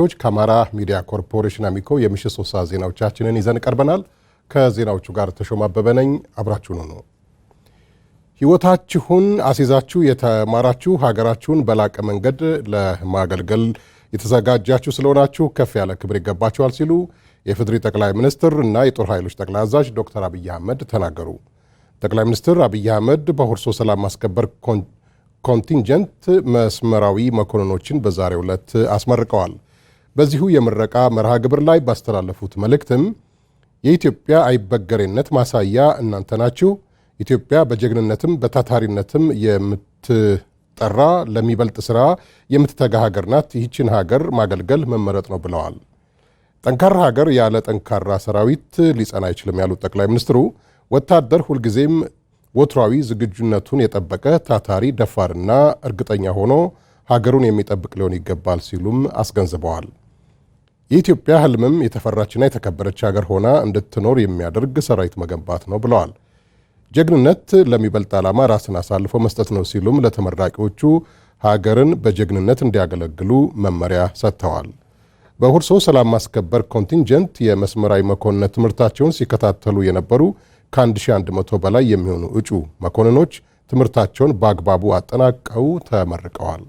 ተመልካቾች ከአማራ ሚዲያ ኮርፖሬሽን አሚኮ የምሽት ሶስት ሰዓት ዜናዎቻችንን ይዘን ቀርበናል። ከዜናዎቹ ጋር ተሾማበበነኝ አበበ ነኝ። አብራችሁን ሁኑ። ሕይወታችሁን አስይዛችሁ የተማራችሁ ሀገራችሁን በላቀ መንገድ ለማገልገል የተዘጋጃችሁ ስለሆናችሁ ከፍ ያለ ክብር ይገባችኋል ሲሉ የፍድሪ ጠቅላይ ሚኒስትር እና የጦር ኃይሎች ጠቅላይ አዛዥ ዶክተር አብይ አህመድ ተናገሩ። ጠቅላይ ሚኒስትር አብይ አህመድ በሁርሶ ሰላም ማስከበር ኮንቲንጀንት መስመራዊ መኮንኖችን በዛሬው ዕለት አስመርቀዋል። በዚሁ የምረቃ መርሃ ግብር ላይ ባስተላለፉት መልእክትም የኢትዮጵያ አይበገሬነት ማሳያ እናንተ ናችሁ። ኢትዮጵያ በጀግንነትም በታታሪነትም የምትጠራ ለሚበልጥ ስራ የምትተጋ ሀገር ናት። ይህችን ሀገር ማገልገል መመረጥ ነው ብለዋል። ጠንካራ ሀገር ያለ ጠንካራ ሰራዊት ሊጸና አይችልም ያሉት ጠቅላይ ሚኒስትሩ ወታደር ሁልጊዜም ወትሯዊ ዝግጁነቱን የጠበቀ ታታሪ፣ ደፋርና እርግጠኛ ሆኖ ሀገሩን የሚጠብቅ ሊሆን ይገባል ሲሉም አስገንዝበዋል። የኢትዮጵያ ህልምም የተፈራችና የተከበረች ሀገር ሆና እንድትኖር የሚያደርግ ሰራዊት መገንባት ነው ብለዋል። ጀግንነት ለሚበልጥ ዓላማ ራስን አሳልፎ መስጠት ነው ሲሉም ለተመራቂዎቹ ሀገርን በጀግንነት እንዲያገለግሉ መመሪያ ሰጥተዋል። በሁርሶ ሰላም ማስከበር ኮንቲንጀንት የመስመራዊ መኮንነት ትምህርታቸውን ሲከታተሉ የነበሩ ከ1100 በላይ የሚሆኑ እጩ መኮንኖች ትምህርታቸውን በአግባቡ አጠናቀው ተመርቀዋል።